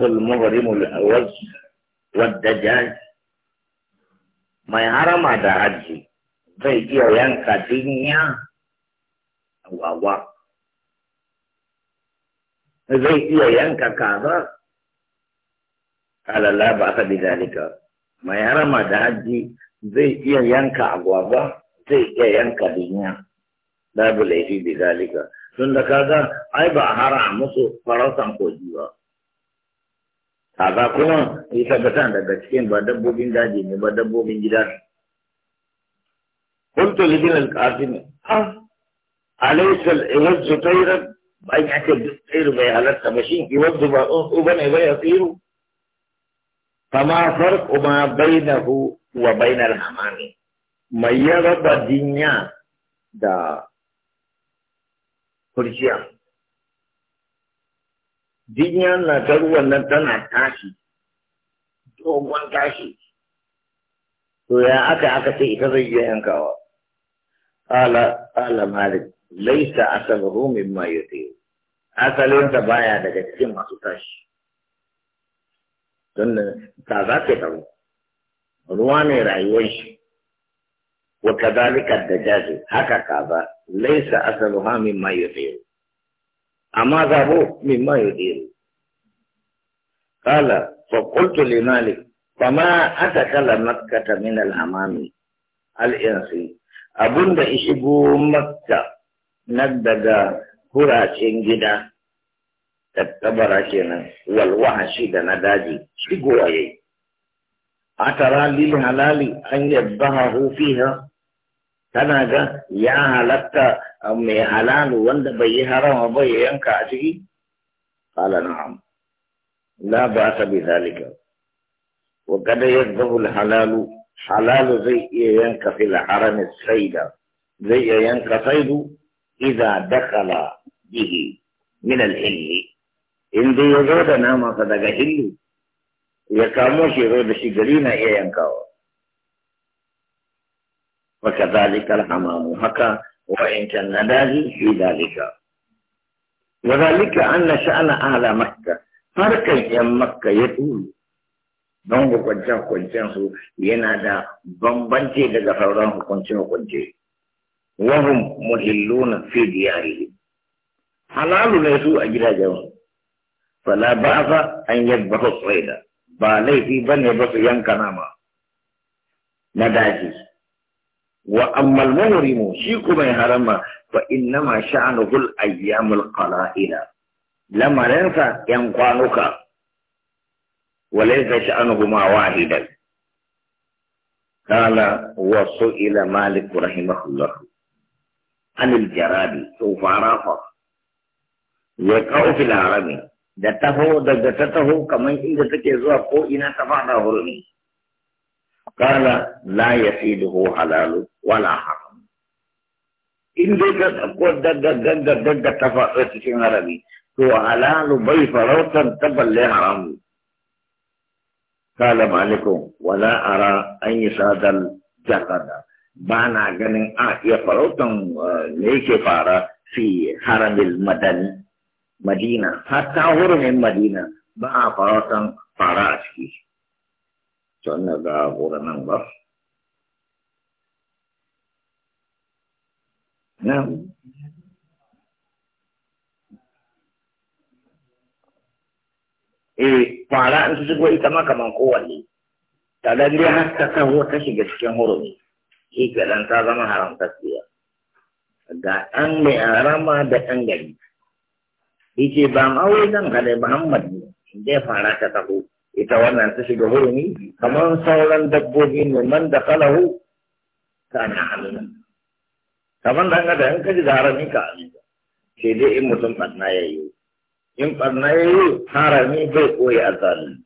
يطرق المغرم الأوز والدجاج ما يحرم هذا حجي zai iya yanka dinya wawa zai iya yanka kaza alala ba ka bi zalika mai harama da haji zai iya yanka agwagwa zai iya yanka dinya babu laifi bi zalika tun da kaga ai ba hara musu farasan kogi ba Haka kuma yi tabbatan daga cikin ba dabbobin daji ne ba dabbobin gida. Kuntu lijin alƙafi ne. Ah, alaisa iwazu ta ya ce duk tsayi bai halarta ba shi iwazu ba tsuntsu ba ne bai ya tsiru. Fama far kuma bai hu wa bai na Mai ya raba dinya da kurciya. duniya na ta ruwan nan tana tashi dogon tashi to ya aka aka ce ita zai iya yankawa ala ala malik laisa asabahu mimma yuti asalinsa baya daga cikin masu tashi don ta za ta tsaro ruwa ne rayuwar shi wa da dajaji haka ka ba. laisa asabahu mimma yuti amma za bu mai mayo diri. Kala, fakultu li fama ba ma aka kala makka ta min al'amami al'insu, abin da ishigo makka na daga kuracin gida, tattabara kenan, walwa shida na daji, shigo a yi. A tara halali an yadda hahu fiha, kana ga ya halatta mai halalu wanda bai yi harama ba ya yanka a ciki qala na'am la ba'sa bi zalika wa kada yadhabu halalu halalu zai iya yanka fil harami saida zai iya yanka saidu idza dakala bihi min al-hilli in dai ya zo da nama daga hilli ya kamo shi zo da shi gari na iya yankawa وكذلك الحمام هكا وإن كان نادي في ذلك وذلك أن شأن أهل مكة فرقا يا مكة يقول don hukunce-hukuncen su yana da bambanci daga sauran hukunce-hukunce. Wahum muhilluna fi diyarihim. Halalu ne su a gidajen Fala ba fa an yadda su tsaida, ba laifi ba ne ba su yanka nama na daji. وأما المهرم شيكم يهرم فإنما شأنه الأيام القلائل لما ننسى ينقانك وليس شأنهما واحدا قال وسئل مالك رحمه الله عن الجراد سوف عرفه يقع في الهرم دته دته كمان إذا تكيزوا قوئنا تفعل هرمي kala la ya fi halalu wala haka in dai ka tsakko daga ta faɗo cikin harami to halalu bai farautar ta balle haramu kala maliko wala ara an yi sadar jakarta ba na ganin a iya farautar ne eh, ke fara fi haramil madina hatta hurumin madina ba a farautar fara a ciki Conna ga ƙura nan ba. Na Eh, fara in su shigo ita ma kaman kowanne. Ta dan dai har ta kawo ta shiga cikin hurumi. Shi kenan ta zama haramtacciya. Ga ɗan mai harama da ɗan gari. Yace ba ma'aure zan kada Muhammad ne, dai fara ta taho. ita wannan ta shiga hurumi kamar sauran dabbobi ne man da kalahu kana halin kamar dan da in kaji da harami ka amina sai dai in mutum barna ya yi in barna ya yi harami bai koyi azalin